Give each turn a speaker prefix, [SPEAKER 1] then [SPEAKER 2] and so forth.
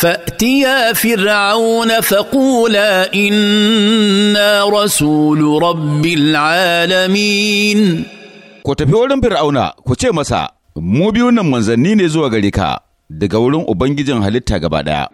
[SPEAKER 1] فاتيا فرعون فقولا انا رسول رب العالمين ku tafi wurin fir'auna
[SPEAKER 2] ku ce masa mu biyu nan manzanni ne zuwa gare ka daga wurin ubangijin halitta
[SPEAKER 3] gaba ɗaya